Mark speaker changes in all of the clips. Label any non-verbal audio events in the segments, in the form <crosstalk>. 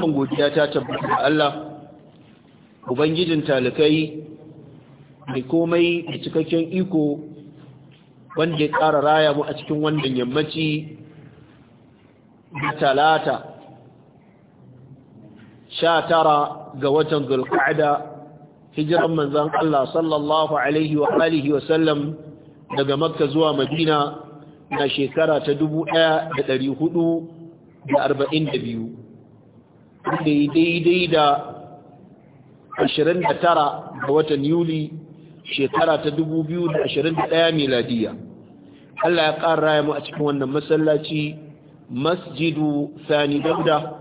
Speaker 1: dukkan godiya ta tabbata da Allah ubangijin talikai mai komai da cikakken iko wanda ya ƙara raya mu a cikin wannan yammaci da talata sha tara ga watan zulqa'da hijiran manzon Allah sallallahu alaihi wa alihi wa sallam daga makka zuwa madina na shekara ta dubu ɗaya da da da ɗari arba'in biyu. da yi daidai da 29 ga watan yuli shekara ta 2021 miladiya Allah ya ƙara raya mu a cikin wannan masallaci masjidu sani dauda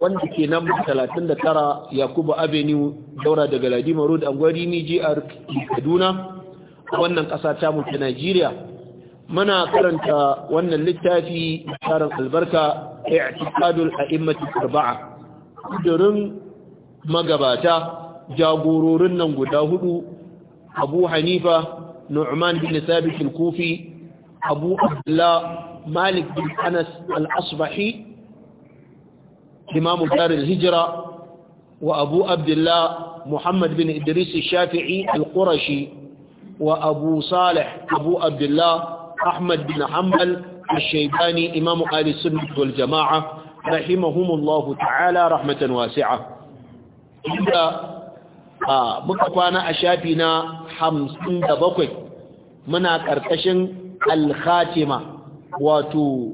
Speaker 1: wanda ke nan 39 yakubu avenue daura daga ladima road angwari ni kaduna wannan ƙasa ta mu ta najeriya muna karanta wannan littafi tsarin albarka a a'immatu arba'a kudurin magabata jagororin nan guda hudu abu hanifa nu'man bin sabit al-kufi abu abdullah malik bin anas al-asbahi imam dar al-hijra wa abu abdullah muhammad bin idris al-shafi'i al-qurashi wa abu salih abu abdullah ahmad bin hanbal الشيباني imam آل السنة jamaa rahimahumullahu ta'ala rahmatan wasi'a inda muka kwana a shafi na hamsin da bakwai muna ƙarƙashin alkhatima wato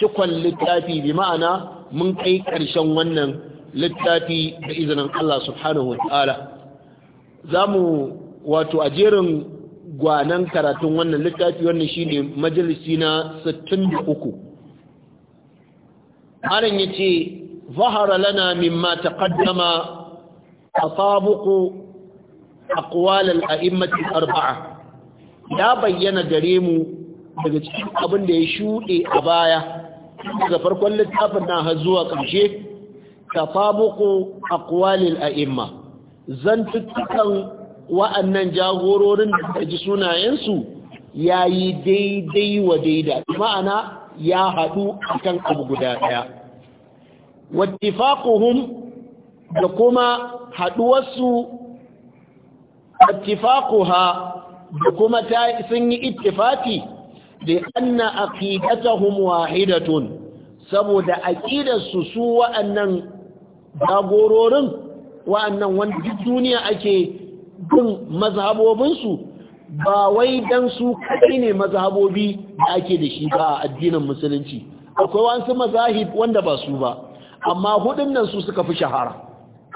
Speaker 1: cikon littafi bi ma'ana mun kai ƙarshen wannan littafi da izinin Allah subhanahu wa ta'ala za mu wato a jerin gwanan karatun wannan littafi wannan shine majalisi na uku. malam ce zahara lana mimma taqaddama tasabuqu aqwal al-a'immati arbaa ya bayyana gare mu daga cikin abin da ya shuɗe a baya daga farkon littafin na har zuwa ƙarshe tasabuqu aqwal al-a'imma zantuttukan wa'annan jagororin da ji sunayensu yayi daidai wa daida ma'ana ya haɗu kan abu guda ɗaya wattifaquhum da kuma haɗuwarsu wattifaquha da kuma sun yi ittifaki da anna aqidatuhum wahidatun saboda aqidarsu su wa'annan jagororin wa'annan wanda duniya ake bin mazhabobinsu ba wai dan su kaɗai ne mazhabobi da ake da shi ba a addinin musulunci akwai wasu mazahib wanda ba su ba amma hudun nan su suka fi shahara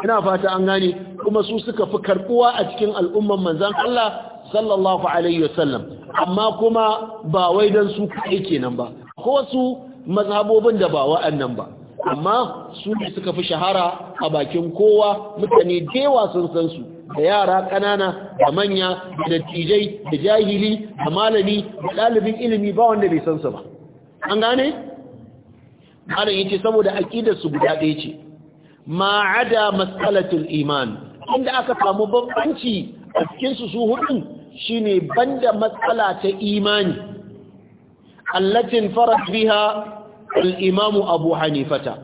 Speaker 1: ina fata an gane kuma su suka fi karbuwa a cikin al'umman manzan Allah sallallahu alaihi wasallam amma kuma ba wai dan su kaɗai kenan ba akwai wasu mazhabobin da ba wa'annan ba amma su ne suka fi shahara a bakin kowa mutane dewa sun san su da yara ƙanana da manya da dattijai da jahili da malami da ɗalibin ilimi ba wanda bai san su ba an gane? malam yace saboda aqidar su guda ɗaya ce ma'ada mas'alatul iman inda aka samu bambanci a cikin su su hudu shine banda matsala ta imani allatin farat biha al'imamu abu hanifata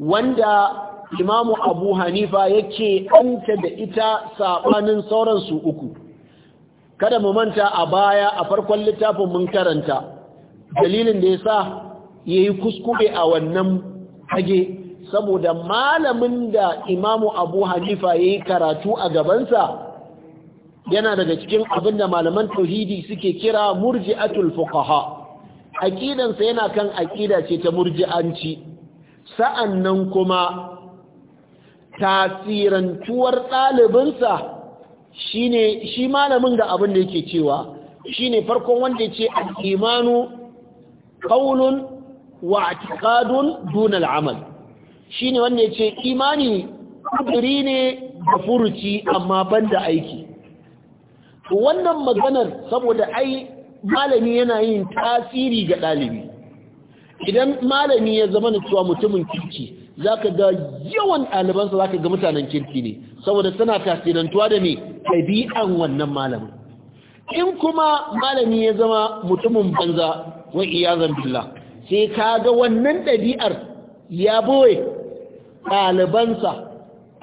Speaker 1: wanda imamu abu hanifa yake anta da ita saɓanin sauransu uku kada mu manta a baya a farkon littafin mun karanta dalilin da ya sa ya yi kuskure a wannan hage saboda malamin da imamu abu hanifa ya yi karatu a gabansa yana daga cikin abin da malaman tauhidi suke kira murji'atul fukaha aƙidansa yana kan aƙida ce ta murji'anci sa'an nan kuma tasirantuwar ɗalibinsa shine shi malamin da abin da yake cewa shine farkon wanda ce imanu ƙaunun wa dunar amal shi shine wanda ce imani ƙudiri ne da furuci amma banda aiki wannan maganar saboda ai malami yana yin tasiri ga ɗalibi idan malami ya zama na cewa mutumin kirki za ka ga yawan ɗalibansa za ka ga mutanen kirki ne saboda suna tasirantuwa da ne ɗabi'an wannan malamin in kuma malami ya zama mutumin banza wa iyazan billah sai ka ga wannan ɗabi'ar ya boye ɗalibansa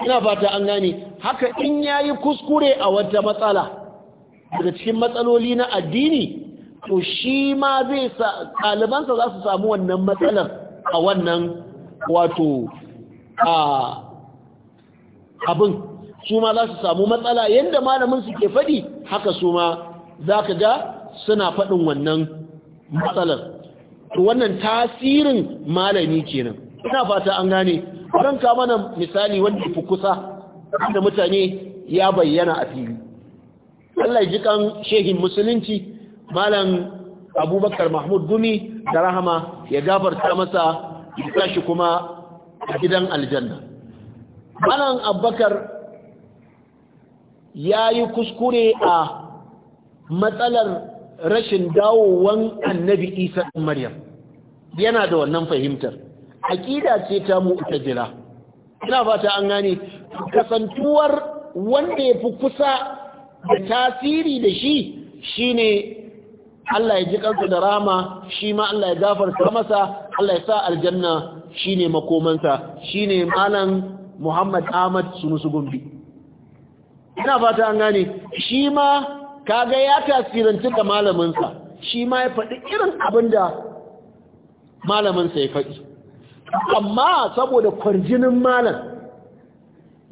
Speaker 1: ina fata an gane haka in ya yi kuskure a wata matsala daga cikin matsaloli na addini to shi ma zai ɗalibansa za su samu wannan matsalar a wannan wato a abin su ma za su samu matsala yadda malamin su ke faɗi haka su ma za ka ga suna faɗin wannan matsalar wannan tasirin malami kenan ina fata an gane don ka mana misali wanda fi kusa da mutane ya bayyana a fili Allah ji kan shehin musulunci malam abubakar mahmud gumi da rahama ya gafarta masa ya shi kuma a gidan aljanna malam abubakar ya yi kuskure a matsalar rashin dawowan annabi isa maryam yana da wannan fahimtar aƙida ce ta mu jira. ina fata an gane kasantuwar wanda ya fi kusa da tasiri da shi shine Allah ya ji kansa da rama shi ma Allah ya gafarta masa Allah ya sa aljanna shine makomansa shine malam Muhammad Ahmad Sunusu Gombe ina fata an gane shi ma kaga ya tasirantu da malamin shi ma ya faɗi irin abinda malamin sa ya faɗi amma saboda kwarjinin malam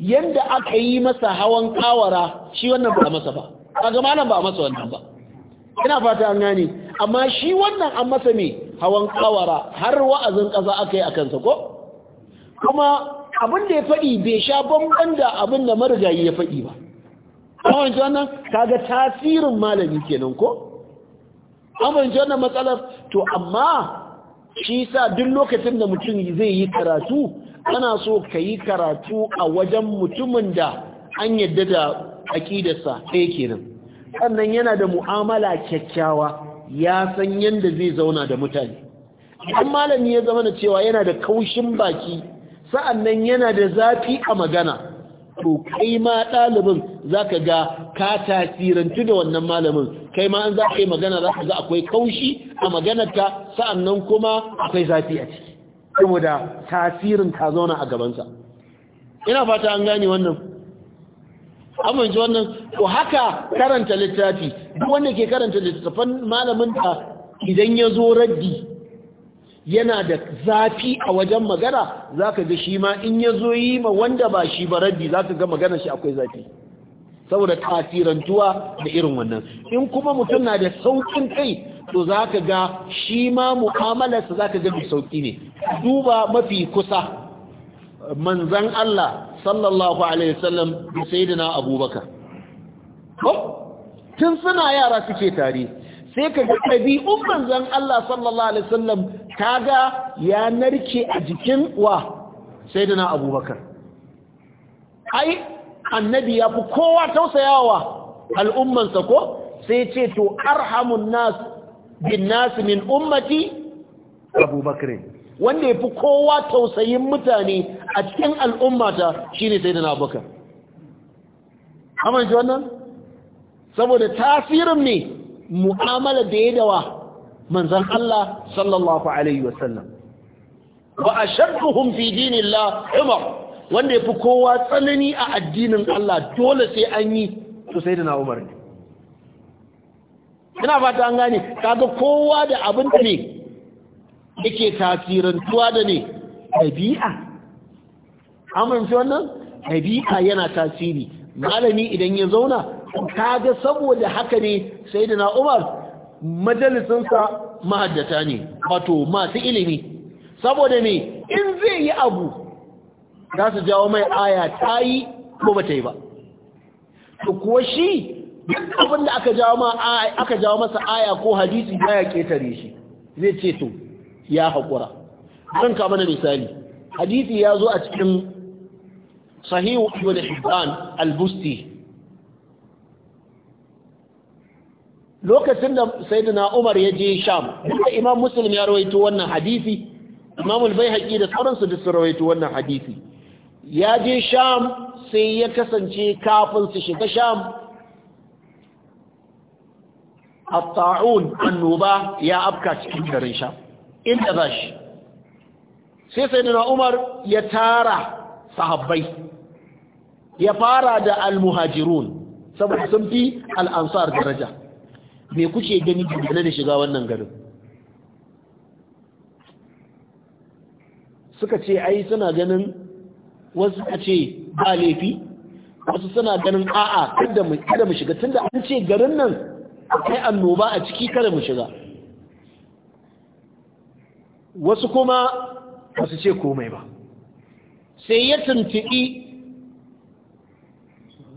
Speaker 1: yanda aka yi masa hawan kawara shi wannan ba masa ba kaga malam ba masa wannan ba ina fata an gani. amma shi wannan an masa me hawan kawara har wa'azin ƙasa aka yi a kansa ko kuma abin da ya faɗi bai sha bamban da abin da marigayi ya faɗi ba kawai wannan kaga tasirin malami kenan ko amince wannan matsalar to amma shi sa duk lokacin da mutum zai yi karatu ana so ka yi karatu a wajen mutumin da an yadda da aƙidarsa ɗaya kenan sannan yana da mu'amala kyakkyawa ya san yadda zai zauna da mutane idan malami ya zama da cewa yana da kaushin baki sa'annan yana da zafi a magana to kai ma ɗalibin za ka ga ka tasirantu da wannan malamin kai ma an za ka yi magana za ka ga akwai kaushi a maganarta sa'annan kuma akwai zafi a ciki saboda tasirin ka zauna a gabansa ina fata an gane wannan amince wannan to haka karanta littafi duk wanda ke karanta littafan malamin ta idan ya zo raddi yana da zafi a wajen magana zaka ga shi ma in ya zo yi ma wanda ba shi ba raddi zaka ga magana shi akwai zafi saboda tasirantuwa da irin wannan in kuma mutum na da saukin kai to zaka ga shi ma mu'amalarsa zaka ga mai sauki ne duba mafi kusa manzan Allah sallallahu alaihi wasallam da sayyidina abubakar tun suna yara suke tare sai ka ga umman zan Allah sallallahu alaihi wasallam kaga ya narke a jikin wa sayyidina abubakar ai annabi ya fi kowa tausayawa al'ummansa ko sai ce to arhamun nas bin nas min ummati abubakar wanda ya fi kowa tausayin mutane a cikin al'ummata shine sai da na baka amince wannan saboda tasirin ne mu'amala da ya dawa manzan Allah sallallahu alaihi wasallam a ashadduhum fi dinillah umar wanda ya fi kowa tsanani a addinin Allah dole sai an yi su sai da na umar ne ina fata an gane kaga kowa da abin ne yake tasirantuwa da ne ɗabi'a amince wannan ɗabi'a yana tasiri malami idan ya zauna kaga saboda haka ne sai da na umar majalisinsa mahaddata ne wato masu ilimi saboda ne in zai yi abu za su jawo mai aya ta yi ko ba ta yi ba to kuwa shi abinda abin aka jawo masa aya ko hadisi baya ketare shi zai ce to ya haƙura zan ka mana misali Hadithi ya zo a cikin sahihu da hibban al lokacin da sayyidina umar ya je sham duka imam muslim ya rawaito wannan hadisi imam al-baihaqi da sauransu da su rawaito wannan hadithi. ya je sham sai ya kasance kafin su shiga sham at-ta'un annuba ya afka cikin garin sham inda za shi sai sai da umar ya tara sahabbai ya fara da almuhajirun saboda sun fi al'ansar daraja me kuke gani dangane da shiga wannan garin suka ce ai suna ganin wasu a ce ba laifi wasu suna ganin a'a kada mu shiga tunda an ce garin nan akwai annoba a ciki kada mu shiga wasu kuma ba ce komai ba sai ya tuntuɗi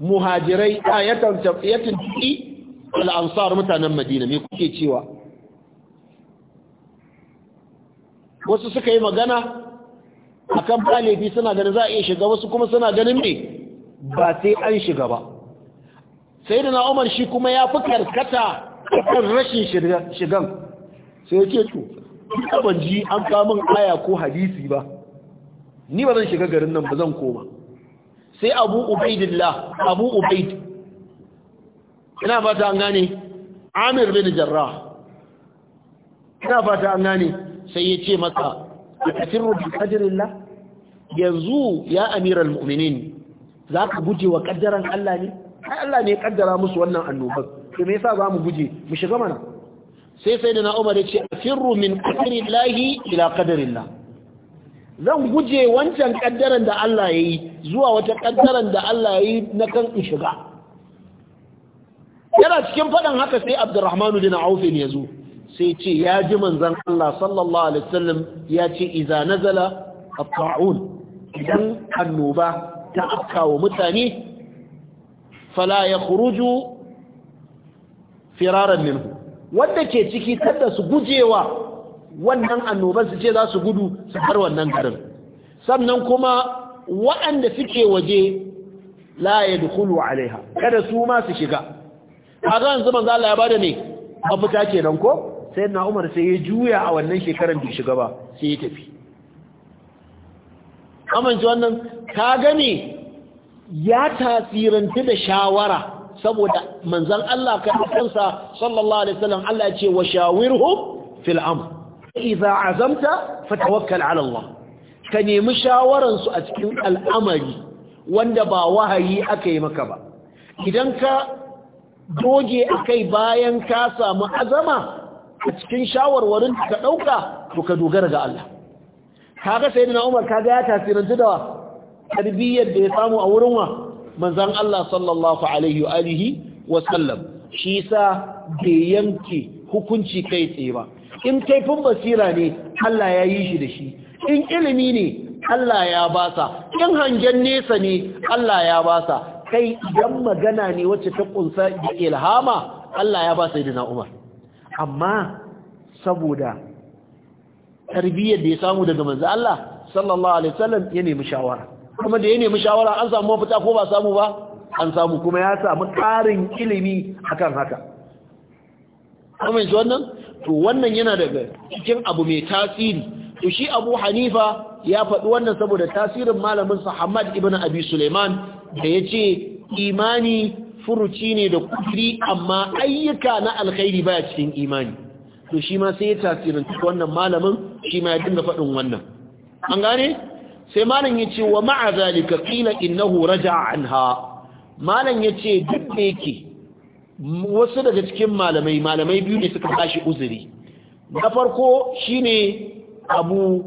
Speaker 1: muhajirai a ya tuntuɗi al'ansar mutanen madina mai kuke cewa wasu suka yi magana a kan falefi suna ganin za a iya shiga wasu kuma suna ganin ne ba sai an shiga ba sai da na'umar shi kuma ya fi karkata kan rashin shigan sai ya ce duka ban ji an kamun aya ko hadisi ba ni ba zan shiga garin nan ba zan koma sai abu ubaidillah abu ubaid ina fata an gane amir bin jarrah ina fata an gane sai ya ce masa atasirru bi qadrillah yanzu ya amiral mu'minin zaka guje wa kaddaran Allah ne ai Allah ne ya kaddara musu wannan annobar to me yasa mu guje mu shiga mana sai sai da na umar ya ce firru min lahi ila qadarillah zan guje wancan kaddaran da Allah ya yi zuwa wata kaddaran da Allah ya yi na kan in shiga yana cikin faɗan haka sai abdurrahmanu bin auf ya zo sai ce ya ji manzon Allah sallallahu alaihi wasallam ya ce Iza nazala zala taun idan annoba ta afkawa mutane fala yakhruju firaran minhu wanda ke ciki kada su gujewa wannan annobar su ce za su gudu su har wannan garin sannan kuma waɗanda suke waje la dukulu alaiha kada su ma su shiga kaga yanzu manzo Allah ya bada ne mafita kenan ko sai na Umar sai ya juya a wannan shekaran da shiga ba sai ya tafi amince wannan ka gane ya tasirantu da shawara saboda manzan Allah ka kansa sallallahu alaihi wasallam Allah ya ce wa shawirhum fil amr idza azamta fatawakkal ala Allah ka nemi shawaran su a cikin al'amari wanda ba wahayi aka yi maka ba idan ka doge akai bayan ka samu azama a cikin shawarwarin da ka dauka to ka dogara ga Allah kaga sayyidina Umar kaga ya tasirantu da tarbiyyar da ya samu a wurin wa manzan Allah sallallahu alaihi wa alihi wasallam shi sa bai yanke hukunci kai tsaye ba in kaifin basira ne Allah ya yi shi da shi in ilimi ne Allah ya ba sa. in hangen nesa ne Allah ya ba sa. kai idan magana ne wacce ta kunsa da ilhama Allah ya ba sa idina Umar amma saboda tarbiyyar da ya samu daga manzo Allah sallallahu alaihi wasallam ya nemi shawara kuma da ya nemi shawara an samu mafita ko ba samu ba an samu kuma ya samu ƙarin ilimi akan haka kuma yanzu wannan to wannan yana daga cikin abu mai tasiri to shi abu hanifa ya faɗi wannan saboda tasirin malamin sa ibn abi suleiman da ya ce imani furuci ne da kufri amma ayyuka na alkhairi baya cikin imani to shi ma sai ya tasirin wannan malamin shi ma ya dinga faɗin wannan an gane sai malamin ya ce wa ma'a zalika qila innahu raja'a anha malam ya ce duk da yake wasu daga cikin malamai malamai biyu ne suka tashi uzuri na farko shi ne abu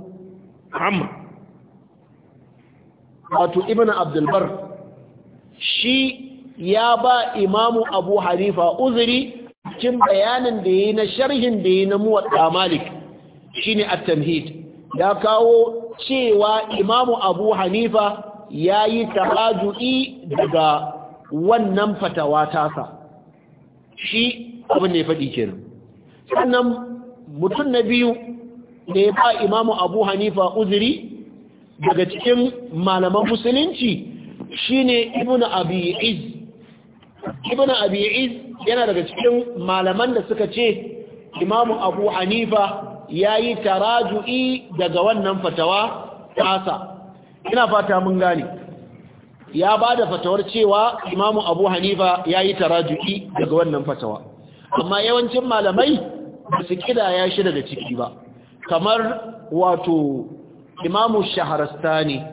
Speaker 1: amr wato ibn abdulbar shi ya ba imamu abu harifa uzuri cikin bayanin da ya yi na sharhin da ya yi na muwatta malik shine at-tamhid ya kawo cewa imamu abu hanifa ya yi taraju'i daga wannan fatawa tasa shi abin ne ya faɗi kenan sannan mutum na biyu da ya ba imamu abu hanifa uzuri daga cikin malaman musulunci Shi ne Ibn iz ibnu abi yana daga cikin malaman da suka ce imamu abu hanifa ya yi taraju'i daga wannan fatawa tasa ina fata mun gane ya ba da fatawar cewa imamu abu hanifa ya yi tarajuki daga wannan fatawa amma yawancin malamai ba su kidaya shi daga ciki ba kamar wato imamu shaharastani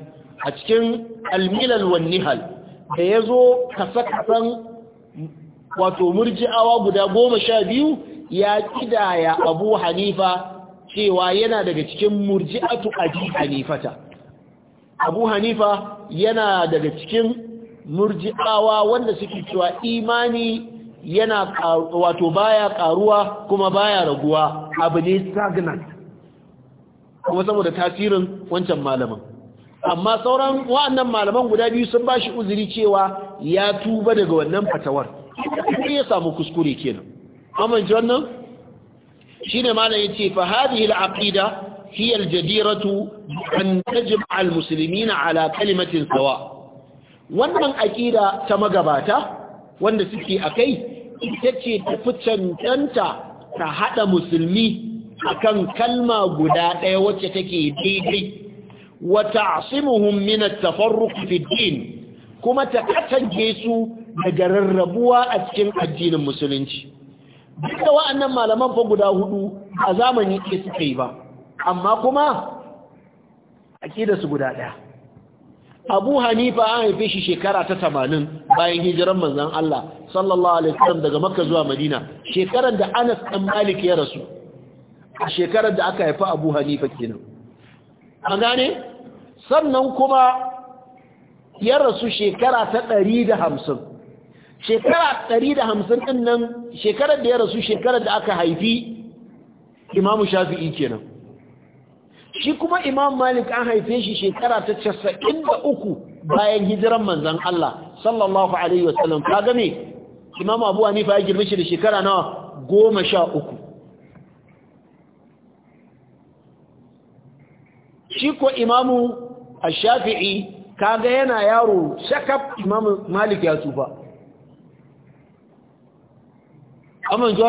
Speaker 1: a cikin almilal wan nihal da ya zo kasa wato murji'awa guda goma sha biyu ya kidaya abu hanifa cewa yana daga cikin murji'atu aji, hanifata abu hanifa yana daga cikin murji'awa wanda suke cewa imani yana wato baya karuwa kuma baya raguwa abu ne stagnant kuma saboda tasirin wancan malamin amma sauran wa'annan malaman guda biyu sun ba shi uzuri cewa ya tuba daga wannan fatawar sai ya samu kuskure kenan amince wannan shine malam yace fa hadhihi al-aqida هي الجديرة أن تجمع المسلمين على كلمة سواء wannan akida ta magabata wanda suke akai ita ce tafi cancanta ta haɗa musulmi akan kalma guda ɗaya wacce take daidai wata asimuhun minar tafarruk fiddin kuma ta katange su daga rarrabuwa a cikin addinin musulunci duk da wa'annan malaman fa guda hudu a zamani ke suka yi ba amma kuma aƙida su guda ɗaya abu hanifa an haife shi shekara ta tamanin bayan hijiran manzan Allah sallallahu alaihi wasallam daga makka zuwa madina shekarar da anas ɗan malik ya rasu a shekarar da aka haifa abu hanifa kenan an gane sannan kuma ya rasu shekara ta ɗari da hamsin shekara ɗari da hamsin nan shekarar da ya rasu shekarar da aka haifi imamu shafi'i kenan shi kuma imam malik an haife shi shekara ta casa'in da uku bayan hijiran manzan Allah sallallahu alaihi wasallam ka gane imam abu fa ya girme shi da shekara nawa goma sha uku shi ko imamu a shafii kaga yana yaro shakab imam malik ya tsufa amma ji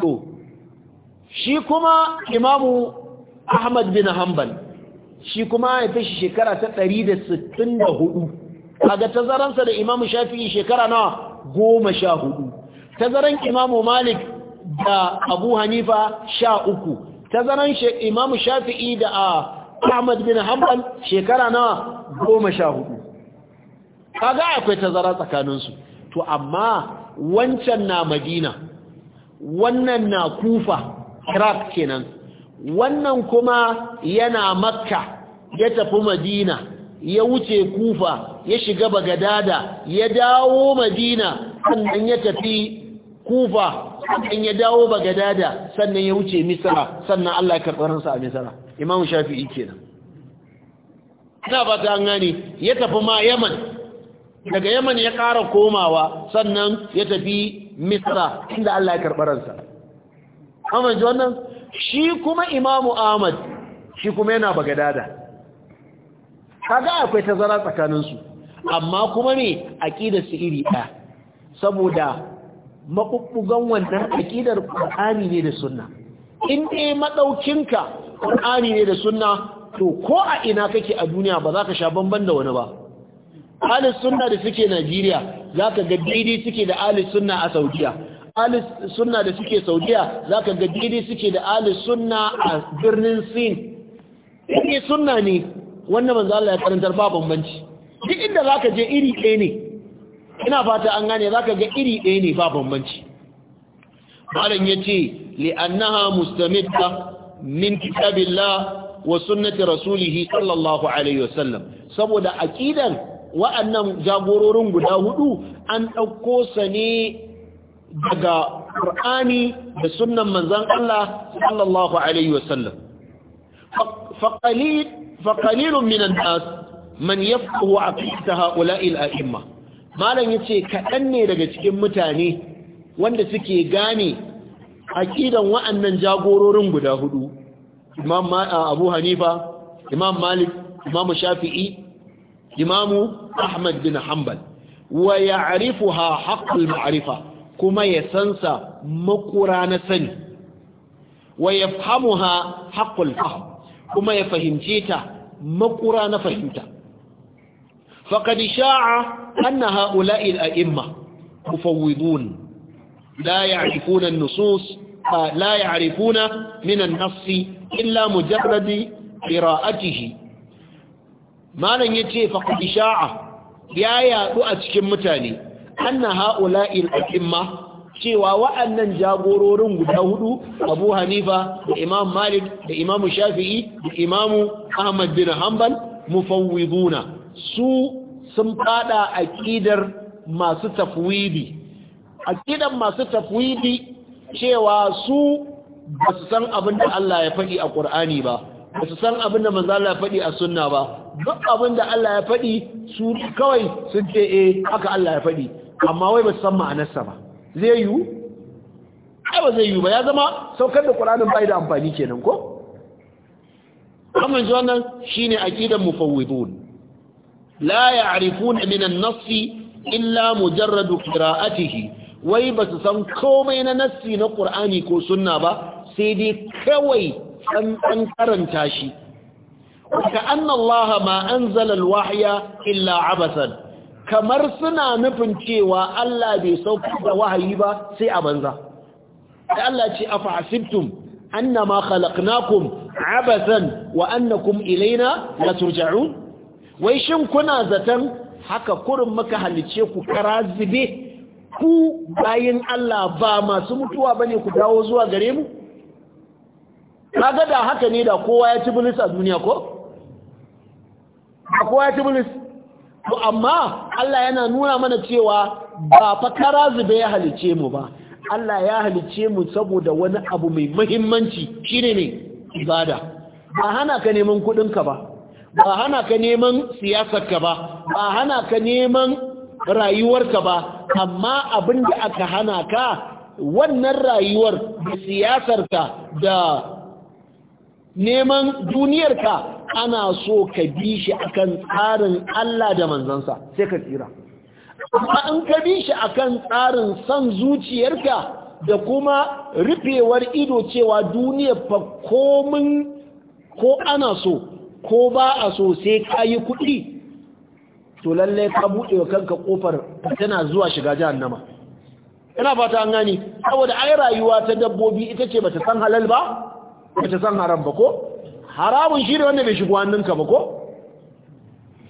Speaker 1: to shi kuma imamu ahmad bin hanbal shi kuma haife shi shekara ta 164 kaga tazaransa da imamu shafi'i shekara na goma sha hudu tazaran imamu malik da abu hanifa sha uku tazaran imam shafi'i da ahmad bin hanbal shekara na goma sha hudu kaga akwai tazara tsakaninsu to amma wancan na madina wannan na kufa iraq kenan wannan kuma yana makka ya tafi madina ya wuce kufa ya shiga bagadada ya dawo madina sannan ya tafi kufa sannan ya dawo bagadada sannan ya wuce misra sannan Allah ya karɓaransa a misra imamu ike nan ina ba ta gani ya tafi ma yaman daga yaman ya ƙara komawa sannan ya tafi misra inda Allah ya karɓaransa amma wannan shi kuma imamu ahmad shi kuma yana bagadada kaga akwai tazara tsakaninsu amma kuma ne aƙidar su iri ɗaya saboda maɓuɓɓugan wannan aƙidar ƙur'ani ne da sunna in ɗaya maɗaukinka ƙur'ani ne da sunna to ko a ina kake a duniya ba za ka sha bamban da wani ba alis sunna da suke najeriya za ka ga daidai suke da alis sunna a saudiya alis sunna da suke saudiya za ka ga daidai suke da alis sunna a birnin sin ne sunna ne wannan manzo Allah ya karantar ba bambanci duk inda za ka je iri ɗaya ne ina fata an gane za ka ga iri ɗaya ne ba bambanci malam ya ce li'annaha mustamidda min kitabillah wa sunnati rasulih sallallahu alaihi wasallam saboda aqidan wa'annan jagororin guda hudu an dauko sa ne daga Qur'ani da sunan manzon Allah sallallahu alaihi wasallam faqalil minan nas man yafqahu aqidata ha'ula'i al-a'imma malam yace kaɗan ne daga cikin mutane wanda suke gane aqidan wa'annan jagororin guda hudu imam Abu Hanifa imam Malik imam Shafi'i imam Ahmad bin Hanbal wa ya'rifuha haqqul ma'rifa kuma ya sansa makura na sani wa ya famuha ha fahm kuma ya fahimce ta makura na fahimta faƙad sha'a anna ha'ula'il a'imma mufawwidun la ya'rifuna an-nusus لا يعرفون من illa إلا مجرد قراءته ya ce يتي sha'a ya yaɗu a cikin mutane. anna ha'ula'il a'imma cewa wa'annan jagororin guda hudu Abu Hanifa da Imam Malik da Imam Shafi'i da Imam Ahmad bin Hanbal mufawwiduna su sun fada aqidar masu tafwidi aqidar masu tafwidi cewa su ba su san abin da Allah ya faɗi a Qur'ani ba ba su san abin da manzo Allah ya faɗi a sunna ba duk abin da Allah ya faɗi su kawai sun ce eh haka Allah ya faɗi amma wai ba san ma'anarsa ba zai yiwu ai ba zai yiwu ba ya zama saukar da ƙuranin bai da amfani kenan ko amma ji wannan shine aqidan mufawwidun la ya'rifuna min an-nass illa mujarradu qira'atihi wai ba su san komai na nassi na ƙur'ani ko sunna ba sai dai kawai ɗan karanta shi ka annan laha ma an al-wahya illa abasan kamar suna nufin cewa Allah bai sauka da wahayi ba sai a banza sai Allah ce afahasibtum ma khalaqnakum abathan wa annakum ilaina la turja'un wai shin kuna zaton haka kurin muka halice ku zube ku bayin Allah ba masu mutuwa bane ku dawo zuwa gare mu kaga da haka ne da kowa ya ci bilis a duniya ko kowa ya ci bilis to amma Allah yana nuna mana cewa ba fa kara zube ya halice mu ba Allah ya halice mu saboda wani abu mai muhimmanci shine ne ibada ba hana ka neman ka ba ba hana ka neman siyasarka ba ba hana ka neman rayuwarka ba amma abin da aka hana ka wannan rayuwar da ka da neman duniyarka ana so ka bi shi akan tsarin Allah da manzansa sai ka tsira amma an ka bi shi akan tsarin son zuciyarka da kuma rufewar ido cewa duniya fa komin ko ana so ko ba a so sai ka yi kuɗi to lalle ka buɗe wa kanka ƙofar tana zuwa shiga jihar nama. ina fata an gani saboda ai rayuwa ta dabbobi ita ce bata san halal ba bata san haram ba ko haramun shi ne wanda bai shigo hannunka ba ko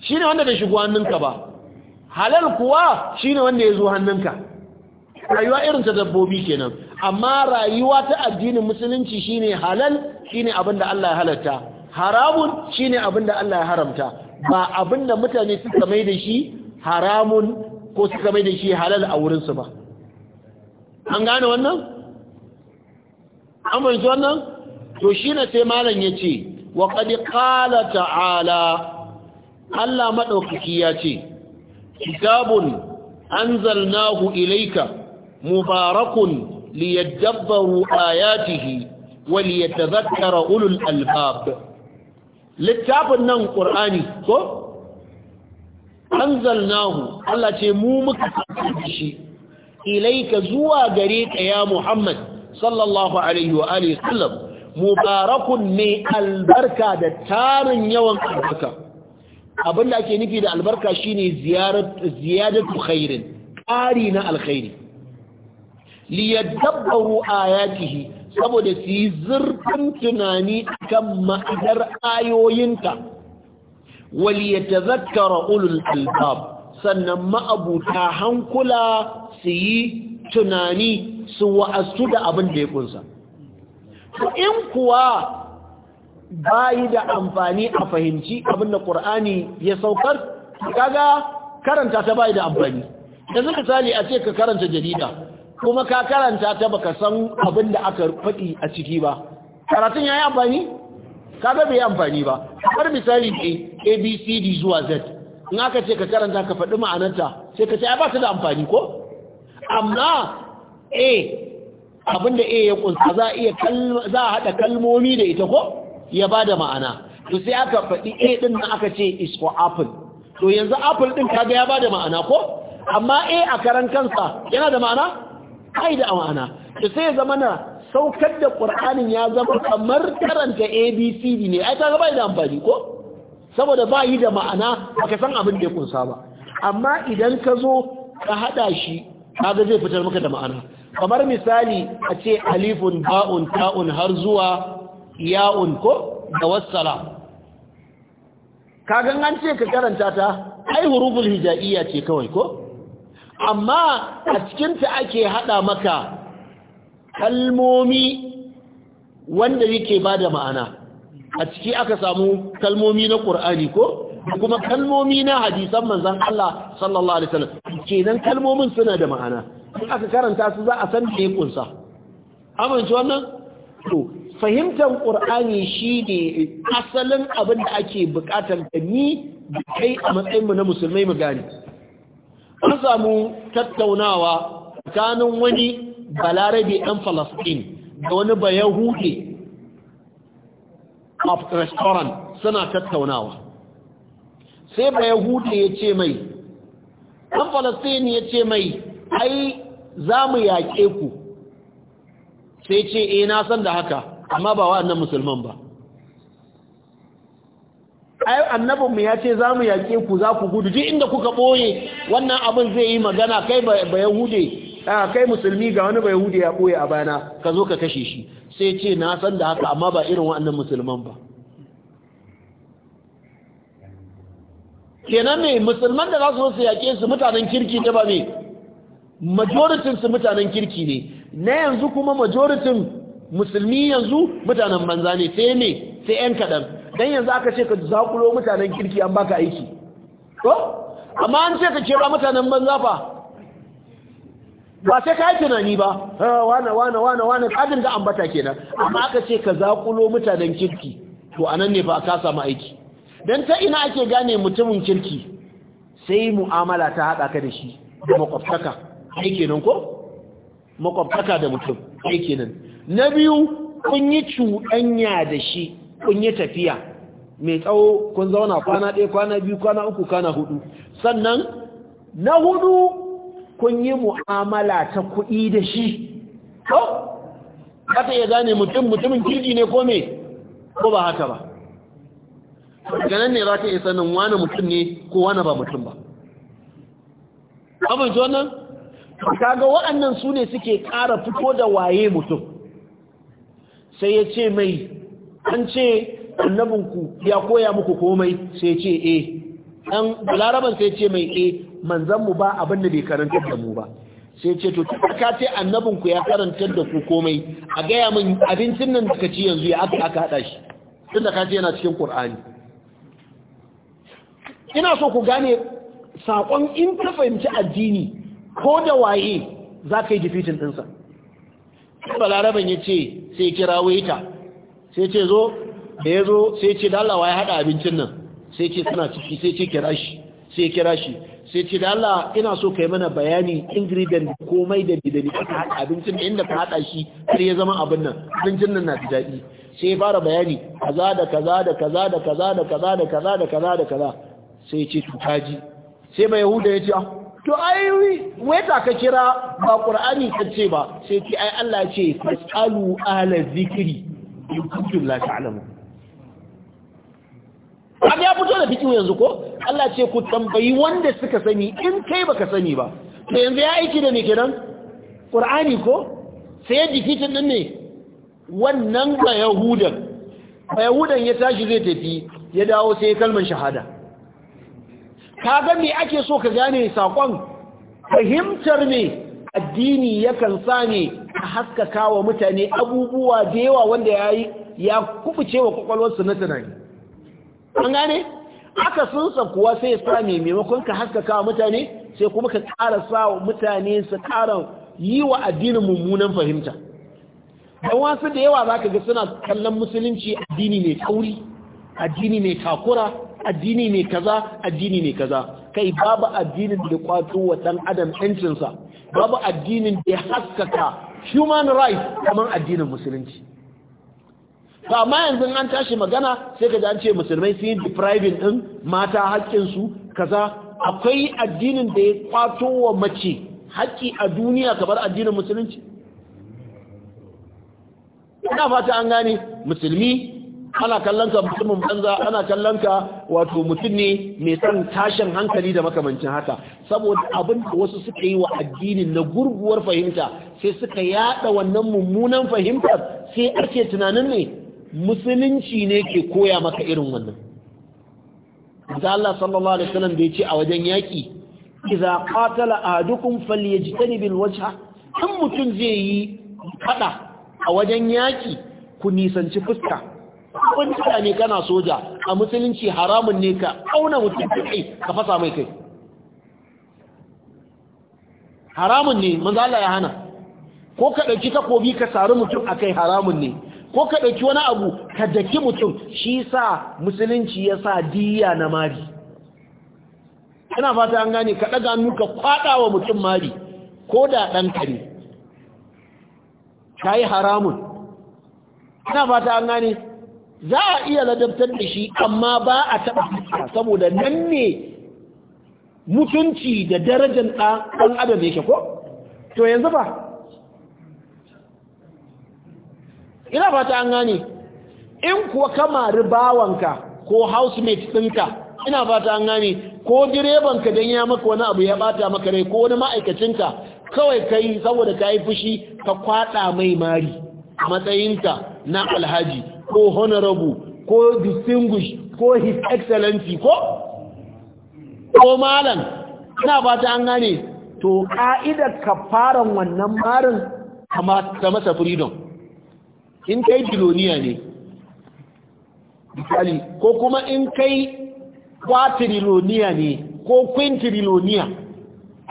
Speaker 1: shi ne wanda bai shigo hannunka ba halal kuwa shi ne wanda ya zo hannunka rayuwa irin ta dabbobi kenan amma rayuwa ta addinin musulunci shi ne halal shi ne abinda Allah ya halarta haramun shi ne abinda Allah ya haramta ba abinda mutane suka mai da shi haramun ko suka mai da shi halal a wurinsu ba an gane wannan? an wannan? to shi na sai malam ya ce wa qad ta'ala Allah madaukaki ya ce kitabun anzalnahu ilayka mubarakun liyadabbaru ayatihi wa ulul albab littafin nan qur'ani ko anzalnahu Allah ce mu muka shi ilaika zuwa gare ka ya Muhammad sallallahu alaihi wa alihi sallam mubarakun mai albarka da tarin yawan albarka abinda ake nufi da albarka shine ziyadatu khairin ƙari na alkhairi liyadabbaru ayatihi saboda su yi zurfin tunani kan ma'adar ayoyinta waliyatazakkara ulul albab sannan ma'abuta hankula su yi tunani su wa'astu da abin da ya kunsa in kuwa bayi da amfani a fahimci abinda ƙur'ani ya saukar kaga karanta ta bayi da amfani yanzu misali a ce ka karanta jarida kuma ka karanta ta baka san abinda aka faɗi a ciki ba karatun ya yi amfani? kaga bai yi amfani ba kamar misali ne abcd zuwa z in aka ce ka karanta ka faɗi ma'anarta sai ka ce ai ba su da amfani ko? amma a abinda a ya kunsa za iya za a hada kalmomi da ita ko ya bada ma'ana to sai aka faɗi a din na aka ce is for apple to yanzu apple din kaga ya bada ma'ana ko amma a a karan kansa yana da ma'ana ai da ma'ana to sai zama na saukar da qur'anin ya zama kamar karanta abcd ne ai kaga bai da amfani ko saboda ba yi da ma'ana baka san abin da ya kunsa ba amma idan ka zo ka haɗa shi kaga zai fitar maka da ma'ana kamar misali a ce alifun ba'un ta'un har zuwa ya'un ko da wassala kagan an ce ka karanta ta ai huruful hija'iyya ce kawai ko amma a cikinta ake hada maka kalmomi wanda yake ba da ma'ana a ciki aka samu kalmomi na ƙur'ani ko kuma kalmomi na hadisan manzan Allah sallallahu Alaihi wasallam kenan kalmomin suna da ma'ana in aka karanta su za a san da ya kunsa amince wannan to fahimtar qur'ani shine asalin abin da ake buƙatar da ni da kai a matsayin mu na musulmai mu gani an samu tattaunawa tsakanin wani balarabe ɗan falastin da wani bayahude of restaurant suna tattaunawa sai bayahude ya ce mai ɗan falastin ya ce mai ai za mu yaƙe ku sai ce e na san da haka amma ba wa'annan musulman ba ai annabinmu ya ce za mu yaƙe ku za ku gudu duk inda kuka ɓoye wannan abin zai yi magana kai ba yahude kai musulmi ga wani ba yahude ya ɓoye a bana ka zo ka kashe shi sai ce na san da haka amma ba irin wa'annan musulman ba kenan ne musulman da za su yaƙe su mutanen kirki ta ba me majoritin su mutanen kirki ne na yanzu kuma majoritin musulmi yanzu mutanen banza ne sai ne sai yan kaɗan dan yanzu aka ce ka zakulo mutanen kirki an baka aiki ko amma an ce ka kira mutanen banza fa ba sai ka yi tunani ba wana wana wana wana kadin da ambata kenan amma aka ce ka zakulo mutanen kirki to anan ne ba ka samu aiki dan ta ina ake gane mutumin kirki sai mu'amala ta haɗa ka da shi da makwabtaka aiki nan ko makwabtaka da mutum aiki nan. na biyu kun yi cuɗanya da shi kun yi tafiya mai tsawo kun zauna kwana ɗaya kwana biyu kwana uku kwana hudu sannan na hudu kun yi mu'amala ta kuɗi da shi ko ka ta iya gane mutum mutumin kirji ne ko me ko ba haka ba ganin ne za ta iya sanin wani mutum ne ko wani ba mutum ba abin wannan kaga waɗannan su ne suke ƙara fito da waye mutum sai ya ce mai an ce annabinku ya koya muku komai sai ce e ɗan laraban sai ce mai e manzanmu ba abin da bai karantar da mu ba sai ce to ka ce annabinku ya karantar da ku komai a gaya min abincin nan da ci yanzu ya aka aka haɗa shi tun da ka ce yana cikin ƙur'ani ina so ku gane saƙon in ka fahimci addini ko da waye za ka yi jifitin ɗinsa balaraban ya ce sai kira waita sai ce zo da ya zo sai ce da Allah ya haɗa abincin nan sai ce suna ciki sai ce kira shi sai kira shi sai ce da Allah ina so ka yi mana bayani ingredient komai da bidani ka haɗa abincin da inda ka haɗa shi har ya zama abin nan abincin nan na da daɗi sai fara bayani kaza da kaza da kaza da kaza da kaza da kaza da kaza da kaza sai ce tutaji sai mai yahuda ya ce ah to ai ta ka kira ba qur'ani ka ce ba sai ki ai Allah ce fasalu ala zikri in kuntum la ta'lamun an ya fito da fikin yanzu ko Allah ce ku tambayi wanda suka sani in kai baka sani ba to yanzu ya aiki da ne kenan qur'ani ko sai dikitin din ne wannan ba yahudan ba yahudan ya tashi zai tafi ya dawo sai kalmar shahada Ka ga me ake so ka gane sakon fahimtar me addini yakan sa ne a haskaka wa mutane abubuwa da yawa wanda ya yi ya kubuce wa kwakwalwarsu na tunani an gane aka sa kuwa sai sa ne maimakon ka haskaka wa mutane sai kuma ka ƙara sa wa mutane su ƙara yi wa addinin mummunan fahimta don wasu da yawa za ka ga suna kallon musulunci addini mai kauri addini mai takura addini ne kaza addini ne kaza kai babu addinin da kwato wa dan adam ɗancinsa. babu addinin da haskaka human rights kamar addinin musulunci to amma yanzu an tashi magana sai ka ji an ce musulmai sun yi depriving ɗin, mata haƙƙinsu kaza akwai addinin da ya kwato wa mace haƙƙi a duniya kamar addinin musulunci ina fata an gane musulmi ana kallon ka mutumin banza ana kallon ka wato mutum ne mai san tashin hankali da makamancin haka saboda abin da wasu suka yi wa addinin na gurguwar fahimta sai suka yada wannan mummunan fahimtar sai ake tunanin ne musulunci ne ke koya maka irin wannan da Allah sallallahu alaihi wasallam da yace a wajen yaki idza qatala ahadukum falyajtanibil wajha in mutum zai yi fada a wajen yaki ku nisanci fuska wani kana ne kana soja a musulunci haramun ne ka auna mutum kai ka fasa mai kai haramun ne manzo Allah ya hana ko ka dauki takobi ka sari mutum akai haramun ne ko ka dauki wani abu ka daki mutum shi sa musulunci ya sa diya na mari ina fata an gane ka daga hannu ka kwada wa mutum mari ko da dan kare kai haramun ina fata an gane za a iya ladabtar da shi amma ba a taɓa fuska saboda nan ne mutunci da darajar ɗan adam yake ko to yanzu ba ina fata an gane in kuwa kama ribawanka ko housemate ɗinka ina fata an gane ko direbanka don ya maka wani abu ya bata maka rai ko wani ma'aikacinka kawai ka yi saboda ka yi fushi ka kwaɗa mai mari matsayinta na alhaji ko honorable ko distinguished ko his excellency ko ko malam ina ba ta an gane to ka'idar kafaran wannan marin ta masa freedom in kai biloniya ne misali ko kuma in kai kwatriloniya ne ko quintriloniya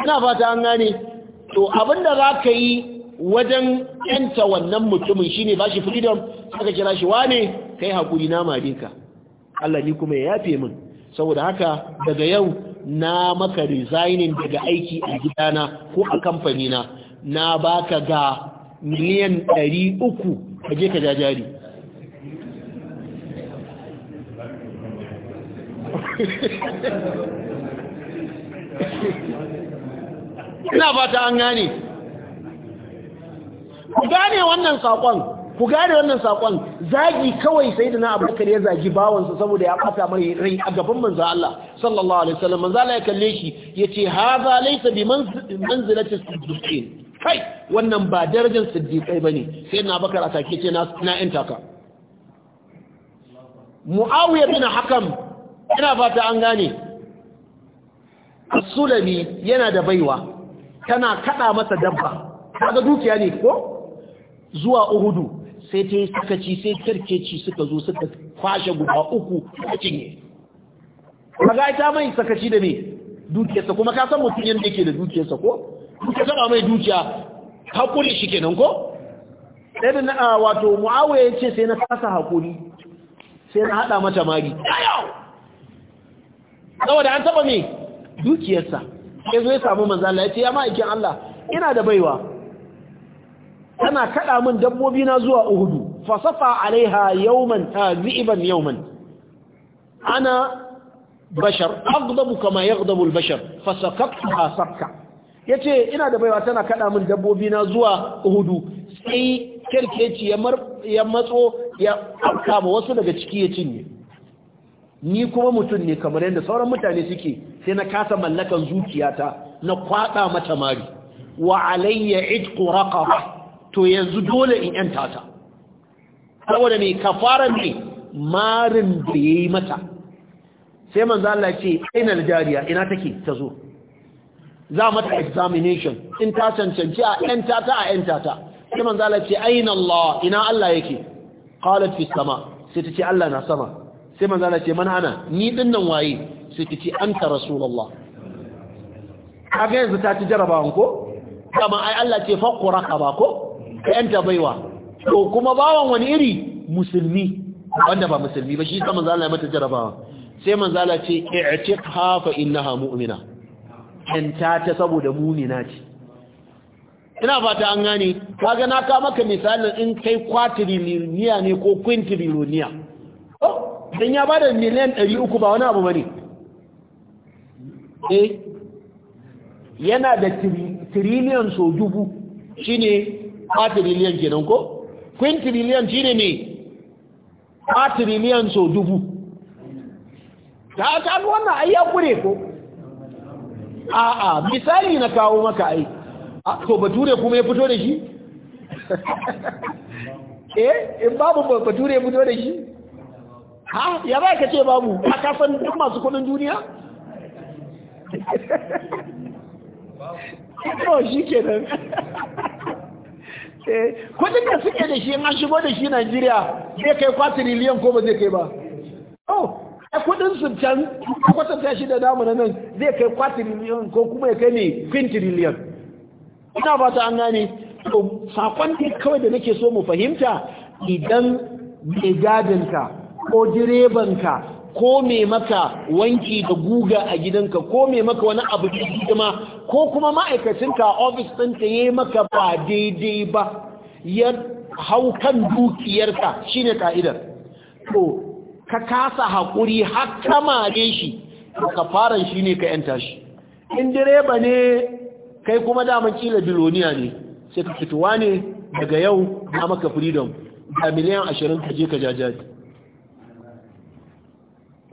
Speaker 1: ina ba ta an gane to abinda za ka yi wajen yanta wannan mutumin shine ba shi freedom aka kira shi wane kai hakuri na mare ka Allah ni kuma ya yafe min saboda haka daga yau na maka resigning daga aiki a gidana ko a kamfani na na baka ga miliyan 300 kaje ka jajari <laughs> ina fata an gane ku gane wannan sakon ku gane wannan sakon zagi kawai sai da na abubakar ya zagi bawansa saboda ya ɓata mai rai a gaban manzo Allah sallallahu alaihi wasallam manzo Allah ya kalle shi Ya ce haza laysa bi manzilati siddiqin kai wannan ba darajar siddiqai bane sai na abubakar a take ce na na in taka muawiya bin hakam ina fata an gane as-sulami yana da baiwa tana kada masa dabba kaga dukiya ne ko zuwa uhudu sai ta yi sakaci sai tarkeci suka zo suka kwashe guda uku a cinye kaga ita mai sakaci da me dukiyarsa kuma ka san mutum yadda yake da dukiyarsa ko duka zama mai dukiya hakuri shi kenan ko ɗaya na wato mu'awai ya ce sai na kasa hakuri sai na haɗa mata mari saboda an taɓa mai dukiyarsa ya zo ya samu manzala ya ce ya ma'aikin Allah ina da baiwa tana kada min dabbobi na zuwa uhudu fa safa alaiha yawman taziban yawman ana bashar aghdabu kama yaghdabu al fa sakaktuha sakka yace ina da baiwa tana kada min dabbobi na zuwa uhudu sai kirkeci ya matso ya kama wasu daga ciki ya cinye ni kuma mutum ne kamar yadda sauran mutane suke sai na kasa mallakan zuciyata na kwada mata mari wa alayya idqu raqaba to yanzu dole in yanta ta saboda mai kafara ne marin da ya yi mata sai manzo Allah ce aina jariya ina take ta zo za mata examination in ta cancanci a yanta ta a yanta ta sai manzo Allah ce aina Allah ina Allah yake qalat fi sama sai ta ce Allah na sama sai manzo Allah ce man ana ni nan waye sai ta ce anta rasulullah kaga yanzu ta ci jarabawan ko kama ai Allah ce faqra ka ba ko ka yanta baiwa Ko kuma bawan wani iri musulmi wanda ba musulmi ba shi ta manzo Allah ya mata jarabawa sai manzo Allah ce i'tiqha fa innaha mu'mina yanta ta saboda mu'mina ce ina fata an gane kaga na ka maka misalin in kai kwatiriliya ne ko quintililiya oh dan ya bada miliyan 300 ba wani abu bane eh yana da tiriliyan so dubu shine quadrillion kenan ko quintillion shine ne quadrillion so dubu ta ta wannan ai ya kure ko a'a misali na kawo maka ai to bature kuma ya fito da shi <laughs> eh in babu bature ya fito da shi ha ya ba ka ce babu a kasan duk masu kudin duniya <laughs> to shi kenan <laughs> Eh, kudin da suke da shi an shigo da shi Najeriya zai kai kwatiriliyan ko ba zai kai ba oh a kudin su can a kwatanta shi da damu na nan zai kai kwatiriliyan ko kuma ya kai ne kwintiriliyan ina ba ta an gane to sakon da kawai da nake so mu fahimta idan mai gadinka ko direbanka ko me maka wanki da guga a gidanka ko me maka wani abu da hidima ko kuma ma'aikacinka a ofis ɗinka ta yi maka ba daidai ba ya hau kan dukiyarka shine ka'idar to ka kasa hakuri har mare shi ka fara shi ne ka yanta shi in direba ne kai kuma daman kila biloniya ne sai ka fitowa ne daga yau na maka freedom da miliyan ashirin ka je ka jajaji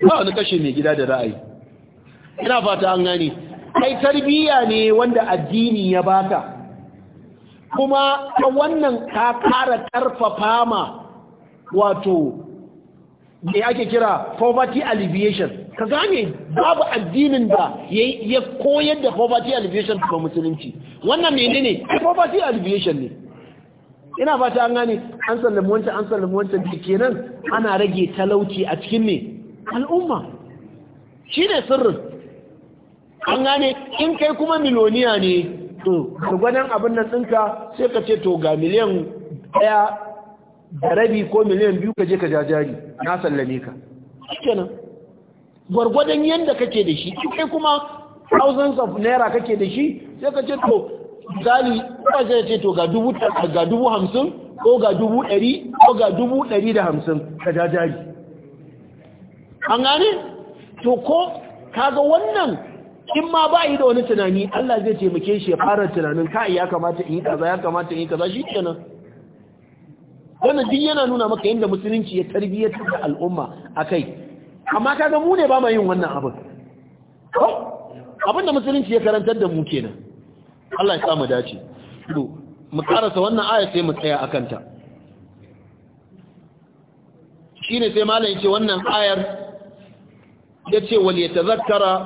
Speaker 1: ba wani kashe mai gida da ra'ayi ina fata an gani. kai tarbiyya ne wanda addini ya baka kuma ta wannan ka kara karfafa ma wato me ake kira poverty alleviation ka gane babu addinin da ya koyar da poverty alleviation ba musulunci wannan ne ne poverty alleviation ne ina fata an gane an sallama wancan an sallama wancan da kenan ana rage talauci a cikin ne al'umma shi ne sirrin an gane in kai kuma miloniya ne to gwargwadon abin nan ɗinka sai ka ce to ga miliyan ɗaya da rabi ko miliyan biyu ka je ka jajari na sallame ka kenan gwargwadon yadda kake da shi kai kuma thousands of naira kake da shi sai ka ce to gali kuma zai ce to ga dubu hamsin ko ga dubu ɗari ko ga dubu ɗari da hamsin ka jajari an gane to ko kaga wannan in ma ba yi da wani tunani Allah zai ce muke shi ya fara tunanin kai ya kamata in yi kaza ya kamata in yi kaza shikenan wannan din yana nuna maka yadda musulunci ya tarbiyyar da al'umma akai amma kaga mu ne ba mu yin wannan abin abinda musulunci ya karantar da mu kenan Allah ya sa mu dace to mu karasa wannan aya sai mu tsaya akan ta shine sai malam ce wannan ayar ya ce wal ya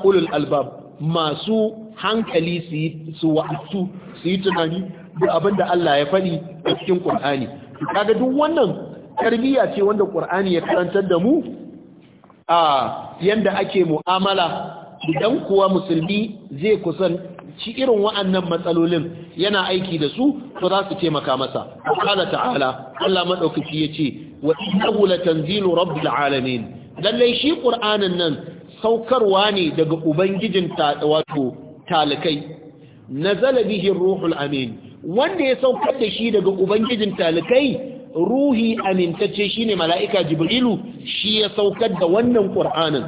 Speaker 1: ulul albab masu hankali su wa'atu su yi tunani da abin da Allah ya faɗi a cikin Qur'ani kaga duk wannan tarbiyya ce wanda ƙur'ani ya karantar da mu a yanda ake mu'amala idan kuwa musulmi zai kusan ci irin wa'annan matsalolin yana aiki da su to za su taimaka masa qala ta'ala Allah madaukaki yace wa innahu latanzilu rabbil alamin lallai shi ƙur'anin nan saukarwa ne daga ubangijin wato talikai nazala bihi ruhul amin wanda ya saukar da shi daga ubangijin talikai ruhi amintacce shine mala'ika jibrilu shi ya saukar da wannan ƙur'anin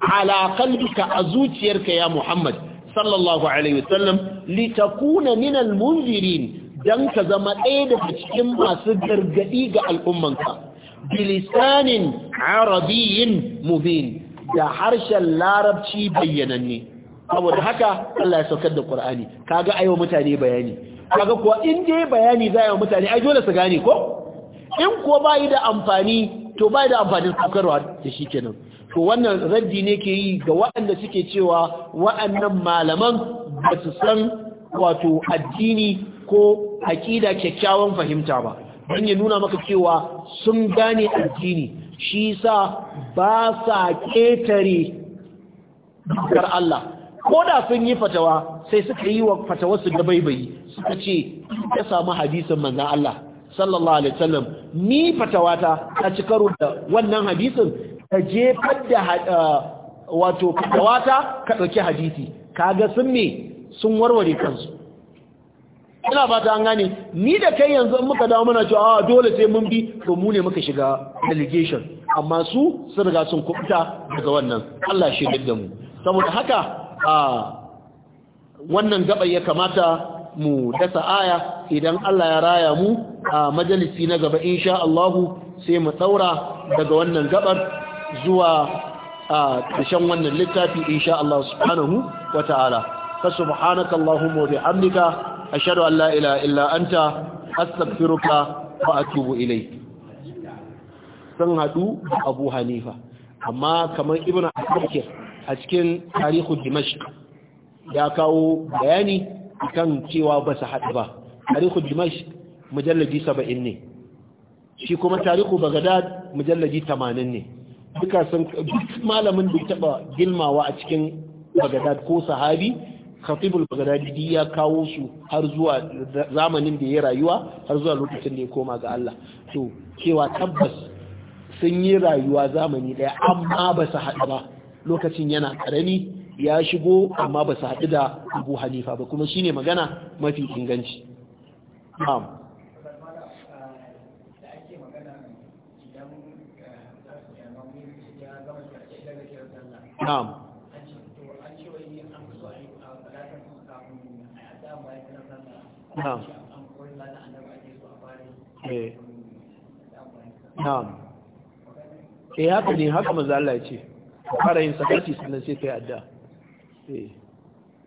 Speaker 1: ala a zuciyarka ya muhammad sallallahu alaihi wasallam litakuna minal munzirin dan ka zama ɗaya daga cikin masu gargadi ga al'ummanka bilisanin arabiyin mubin da harshen larabci bayyananne saboda haka Allah ya saukar da Qur'ani kaga ayo mutane bayani kaga kuwa in dai bayani za a yi mutane ai dole su gane ko in kuwa bai da amfani to bai da amfanin saukarwa da shi kenan to wannan raddi ne ke yi ga waɗanda suke cewa waɗannan malaman ba su san wato addini ko aƙida kyakkyawan fahimta ba don ya nuna maka cewa sun gane addini shi sa ba sa ƙetare dokar Allah ko da sun yi fatawa sai suka yi wa fatawarsu da baibayi suka ce ya samu hadisin manzan Allah sallallahu alaihi wasallam ni fatawata ta ci karo da wannan hadisin ka jefar da wato fatawata ka ɗauki hadisi kaga sun me sun warware kansu ina ba ta gane ni da kai yanzu muka dawo muna cewa a ah, dole sai mun bi to mu ne muka shiga delegation amma su sun riga sun kubuta daga wannan Allah shi da mu saboda haka a wannan gabar ya kamata mu dasa aya idan Allah ya raya mu a majalisi na gaba insha Allah sai mu tsaura daga wannan gabar zuwa a ƙarshen wannan littafi insha Allah subhanahu wa ta'ala fa subhanakallahumma wa bihamdika ashhadu an la ilaha illa anta ba a atubu ilai. sun hadu Abu Hanifa amma kamar Ibn Asakir a cikin tarihu Dimashq ya kawo bayani kan cewa ba su haɗu ba tarihu Dimashq mujalladi saba'in ne shi kuma tarihu Baghdad mujalladi tamanin ne duka sun malamin da taɓa gilmawa a cikin Bagadad ko sahabi khatibul bagdadi ya kawo su har zuwa zamanin da ya rayuwa har zuwa lokacin da ya koma ga Allah to cewa tabbas sun yi rayuwa zamani daya amma ba su haɗu ba lokacin yana karami ya shigo amma ba su haɗu da Abu Hanifa ba kuma shine magana mafi inganci na'am na'am E, eh
Speaker 2: eh haka ne haka
Speaker 1: maza Allah ya ce fara yin sakarci sannan sai yi adda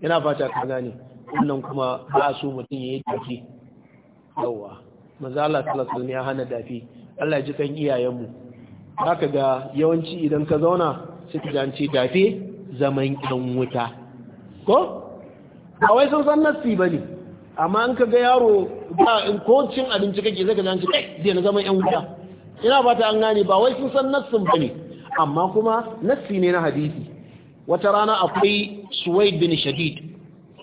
Speaker 1: yana eh. fata ka gane wannan kuma ba a so mutum yi dafi yauwa maza Allah sallallahu ne ya hana dafi Allah ya ji kan iyayenmu haka ga yawanci idan ka zauna suka ka dace dafe zaman yan wuta ko ba wai sun san nasi ne. amma an ga yaro ba in ko cin abinci kake zaka ji an ce kai zai na zama yan guda ina fata an gane ba wai sun san nassin bane amma kuma nassi ne na hadisi wata rana akwai suwaid bin shadid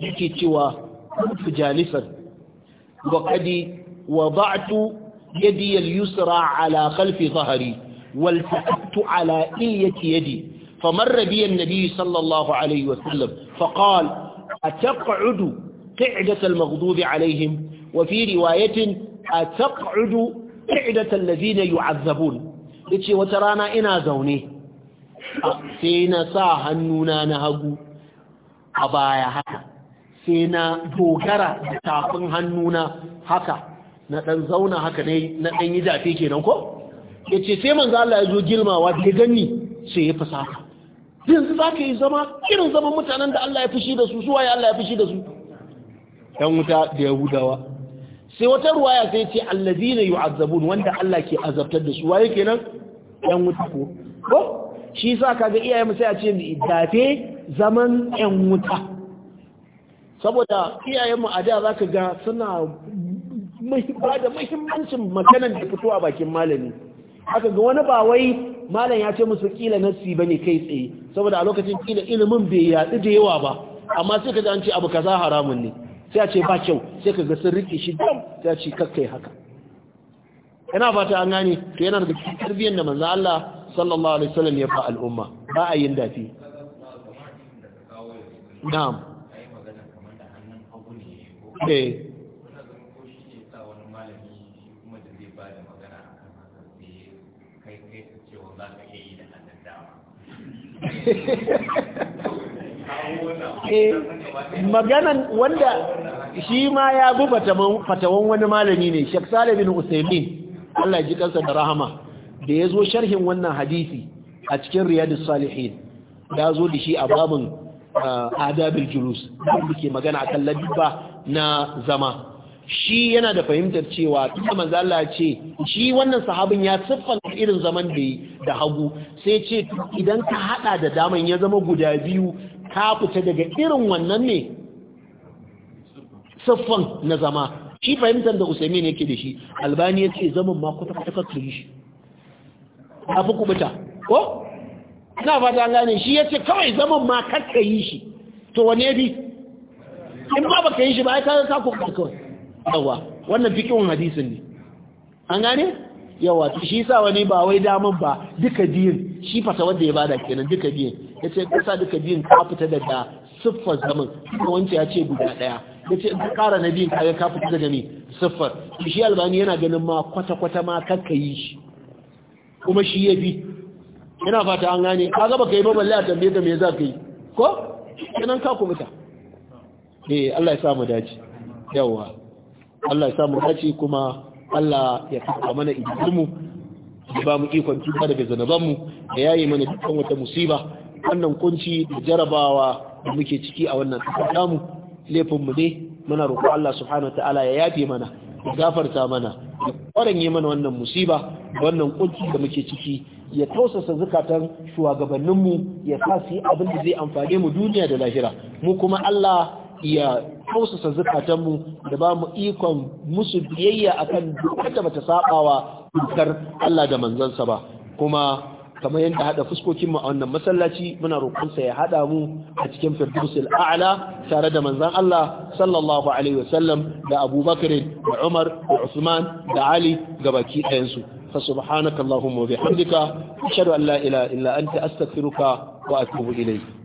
Speaker 1: yake cewa kuntu jalisan wa qadi wada'tu yadi al-yusra ala khalfi dhahri والتفت على إلية يدي فمر بي النبي صلى الله عليه وسلم فقال أتقعد قعدة المغضوب عليهم وفي رواية أتقعد قعدة الذين يعذبون يتي وترانا إنا زوني سينا ساها النونا نهجو أبايا هكا سينا دوغرة تافن هنونا هكا نتنزونا هكا نتنجد فيكي نوكو ya ce sai manzo Allah ya zo girmawa da gani sai ya fasaka yanzu za ka yi zama irin zaman mutanen da Allah ya fushi da su suwaye Allah ya fushi da su yan wuta da yahudawa sai wata ruwaya sai ce allazina yu'azzabun wanda Allah ke azabtar da su waye kenan yan wuta ko ko shi sa kaga iyaye mu sai a ce dafe zaman yan wuta saboda iyayen mu a da za ka ga suna ba da muhimmancin maganar da fito a bakin malami aka ga wani ba wai malam ya ce musu kila nassi bane kai tsaye saboda a lokacin kila ilimin bai yaɗu da yawa ba amma sai ka ji an ce abu kaza haramun ne sai ce ba kyau sai ka ga sun riƙe shi dam sai a ce kakkai haka yana fata an gane to yana da cikin tarbiyyar da manzo Allah sallallahu alaihi wasallam ya fa al'umma ba a yin dafi na'am eh <laughs> Eh, maganan wanda shi ma ya bu fatawan wani malami ne Sheikh Salih bin Usaimin Allah ji kansa da rahama da ya zo sharhin wannan hadisi a cikin Riyadus Salihin ya zo da shi a babin ah, adabin julus da ke magana a akan ba na zama shi yana da fahimtar cewa tunda manzo Allah ce shi wannan sahabin ya siffan irin zaman da da hagu sai ce idan ka hada da daman ya zama guda biyu ka fita daga irin wannan ne siffan na zama shi fahimtar da ne ke da shi albani ya ce zaman ma kwata kwata kwata shi a fi kubuta ko na fata gane shi ya ce kawai zaman ma kakka yi shi to wane bi in ba baka yi shi ba ya kayan ka kubuta kawai yawa wannan fikin hadisin ne an gane yawa shi sa wani ba wai daman ba duka biyun shi fata wanda ya bada kenan duka biyan ya ce kusa duka biyan ka fita daga siffar zaman kuma wance ya ce guda daya ya ce ka kara na biyan kaga ka fita daga me siffar shi albani yana ganin ma kwata-kwata ma kakka yi shi kuma shi ya bi yana fata an gane ka gaba ka yi baballe a tambaye da me za ka yi ko kenan ka kubuta eh Allah ya samu dace yawa Allah ya samu dace kuma Allah ya kafa mana idimu ya ba mu ikon tuba daga zanabanmu da yayi mana dukkan wata musiba wannan kunci da jarabawa da muke ciki a wannan ƙasar tamu laifinmu ne muna roƙo Allah subhanahu ta'ala ya yafe mana ya gafarta mana ya ƙwaranye mana wannan musiba wannan kunci da muke ciki ya tausasa zukatan shugabanninmu ya sa su yi abin da zai amfane mu duniya da lahira mu kuma Allah ya tausasa zukatanmu da ba mu ikon musu biyayya akan dokar da bata saɓawa dokar Allah da manzansa ba kuma kamar yadda haɗa fuskokin mu a wannan masallaci muna roƙon ya haɗa mu a cikin firdausil a'la tare da manzon Allah sallallahu alaihi wasallam da Abubakar da Umar da Usman da Ali gabaki ɗayan su fa subhanakallahumma wa bihamdika ashhadu an la ilaha illa anta astaghfiruka wa atubu ilayk